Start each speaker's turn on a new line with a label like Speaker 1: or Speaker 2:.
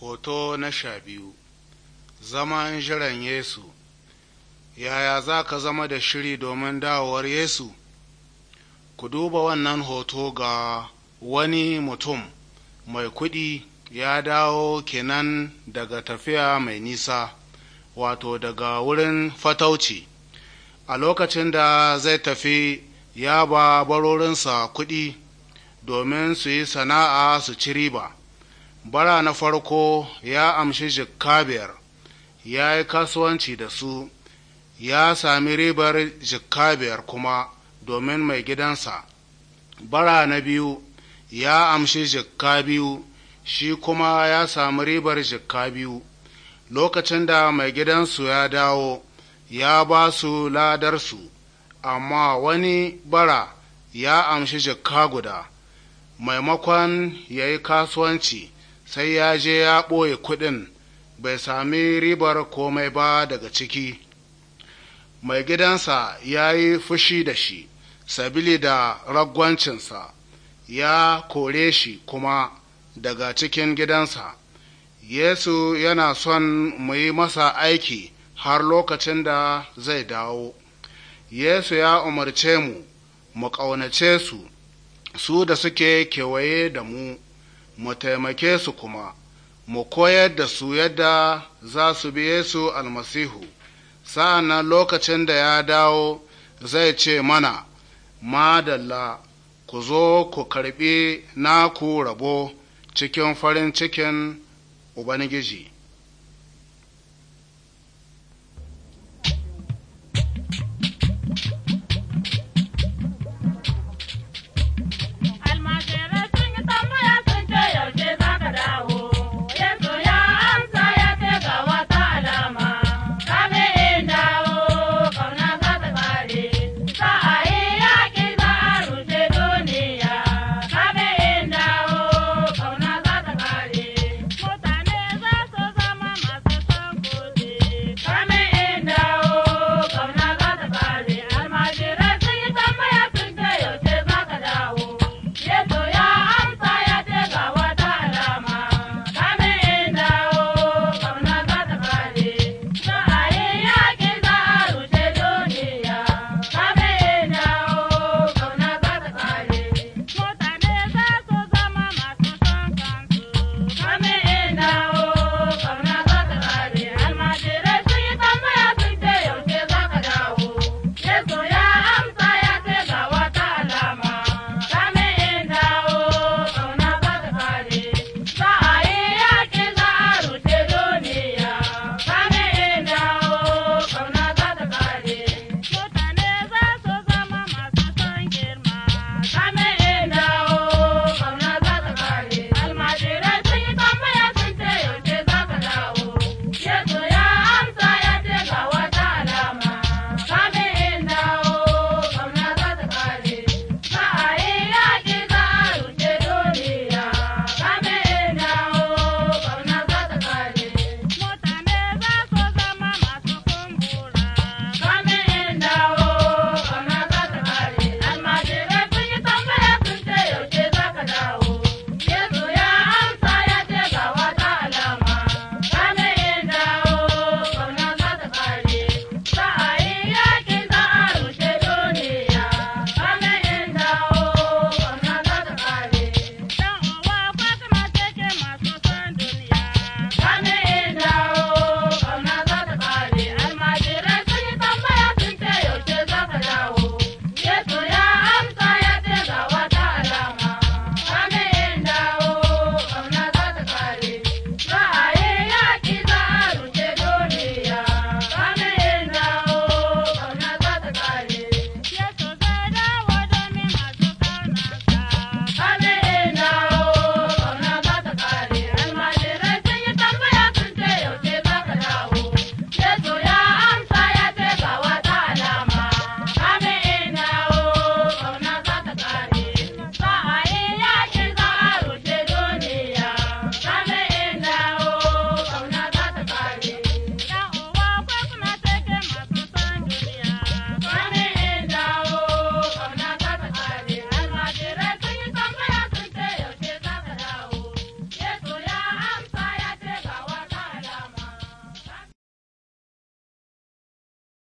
Speaker 1: Hoto na sha biyu Zaman jiran Yesu Yaya za ka zama da shiri domin dawowar Yesu? Ku duba wannan hoto ga wani mutum mai kuɗi ya dawo kenan daga tafiya mai nisa, wato daga wurin fatauci. A lokacin da zai tafi ya ba barorinsa kuɗi domin su yi sana'a su ci riba. bara na farko ya amshi jikka biyar ya yi kasuwanci da su ya sami ribar jikabiyar kuma domin mai gidansa bara na biyu ya amshi jikka biyu shi kuma ya sami ribar jikka biyu lokacin da mai gidansu ya dawo ya ba su ladarsu amma wani bara ya amshi jikka guda maimakon ya yi kasuwanci sai ya je ya ɓoye kuɗin bai sami ribar komai ba daga ciki mai gidansa ya yi fushi da shi sabili da ragwancinsa ya kore shi kuma daga cikin gidansa yesu yana son mu yi masa aiki har lokacin da zai dawo yesu ya umarce mu mu ƙaunace su su da suke kewaye da mu mu taimake su kuma mu koyar da su yadda za su bi Yesu almasihu sa'an lokacin da ya dawo zai ce mana madalla ku zo ku karɓi naku rabo cikin farin cikin Ubangiji.